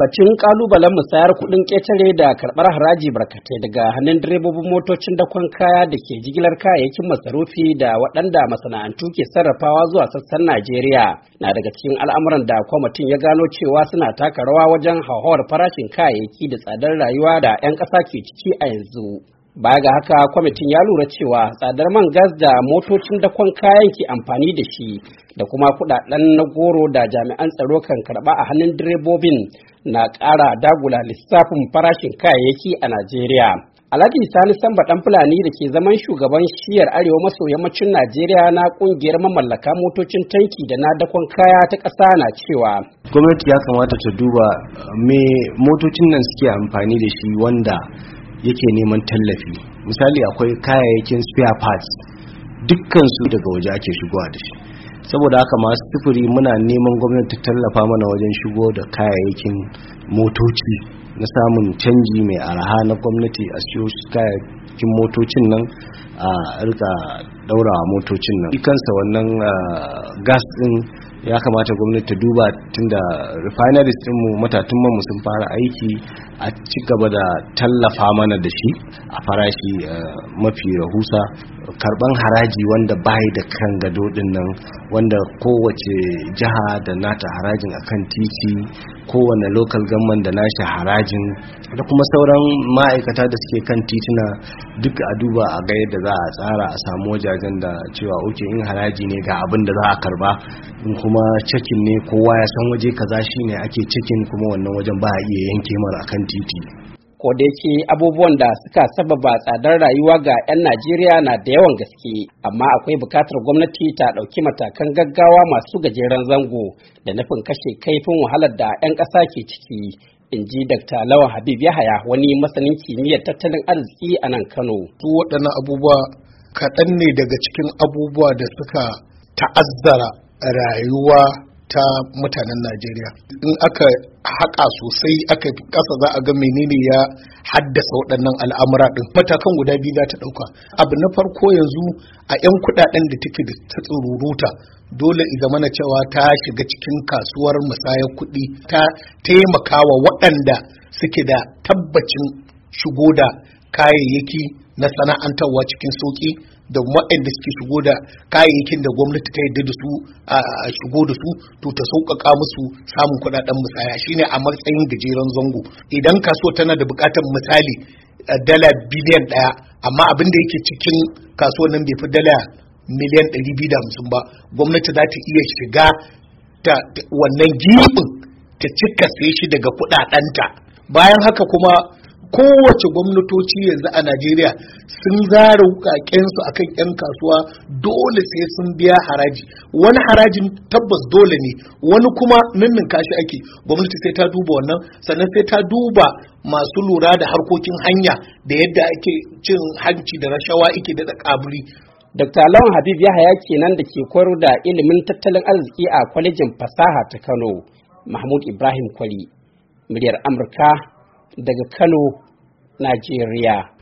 Bacin kalubalen musayar kuɗin ƙetare da karɓar haraji barkatai daga hannun direbobin motocin dakon kaya da ke jigilar kayayyakin masarufi da waɗanda masana'antu ke sarrafawa zuwa sassan Najeriya na daga cikin al'amuran da kwamitin ya gano cewa suna taka rawa wajen hauhawar farashin kayayyaki da tsadar rayuwa da 'yan ƙasa ke ciki a yanzu. baya ga haka kwamitin ya lura cewa tsadar man gas da motocin dakon kayan ke amfani da shi da kuma kudaden na goro da jami'an tsaro kan karba a hannun direbobin na ƙara dagula lissafin farashin kayayyaki a najeriya alhaji sani samba dan fulani da ke zaman shugaban shiyar arewa maso yammacin najeriya na kungiyar mamallaka motocin tanki da na dakon kaya ta ƙasa na cewa gwamnati ya kamata ta duba me motocin nan suke amfani da shi wanda yake neman tallafi misali akwai kayayyakin spare parts dukkan su daga waje ake shigowa da shi saboda haka masu sufuri muna neman gwamnati ta tallafa mana wajen shigo da kayayyakin motoci na samun canji mai araha na gwamnati a siyo kayayyakin motocin nan a rika daura motocin nan ikansa wannan gas din ya kamata gwamnati ta duba tunda refineries din mu matatun mu sun fara aiki a ci gaba da tallafa mana da shi a farashi eh, mafi rahusa karban haraji wanda bai da kan gado din nan wanda kowace jiha da nata harajin akan titi kowane local government da nashi harajin da kuma sauran ma'aikata da suke kan tituna duk a duba a ga yadda za a tsara a samu wajajen da cewa oke in haraji ne ga abin da za a karba in kuma cikin ne kowa ya san waje kaza shi ne ake cikin kuma wannan wajen ba a iya yanke mara akan titi ko da yake abubuwan da suka sababa tsadar rayuwa ga 'yan Najeriya na da yawan gaske amma akwai bukatar gwamnati ta ɗauki matakan gaggawa masu gajeren zango da nufin kashe kaifin wahalar da 'yan ƙasa ke ciki in ji Dr. Lawan Habib Yahaya wani masanin kimiyyar tattalin arziki a nan Kano. Su waɗannan abubuwa kaɗan ne daga cikin abubuwa da suka ta'azzara rayuwa ta mutanen najeriya in aka haƙa sosai aka fi ƙasa za a ga menene ya haddasa waɗannan al'amura ɗin matakan guda biyu za ta ɗauka abu na farko yanzu a 'yan kuɗaɗen da take da ta tsururuta dole i zamana cewa ta shiga cikin kasuwar musayar kuɗi ta taimakawa waɗanda suke da tabbacin shigo da kayayyaki na sana'antarwa cikin sauƙi da waɗanda suke shigo da kayayyakin da gwamnati ta yarda da su a shigo da su to ta sauƙaƙa musu samun kuɗaɗen musaya shine a matsayin gajeren zango idan kasuwa tana da buƙatar misali dala biliyan ɗaya amma abin da yake cikin kasuwa nan bai fi dala miliyan ɗari biyu da hamsin ba gwamnati za ta iya shiga ta wannan gibin ta cika sai shi daga kuɗaɗenta bayan haka kuma kowace gwamnatoci yanzu a najeriya sun zara wukakensu akan 'yan kasuwa dole sai sun biya haraji wani harajin tabbas dole ne wani kuma nannin kashi ake gwamnati sai ta duba wannan sannan sai ta duba masu lura da harkokin hanya da yadda ake cin hanci da rashawa ake da kaburi Dr. Lawan Habib Yahaya kenan da ke koyar da ilimin tattalin arziki a kwalejin fasaha ta Kano, Mahmud Ibrahim kwali muryar Amurka daga Kano, Najeriya.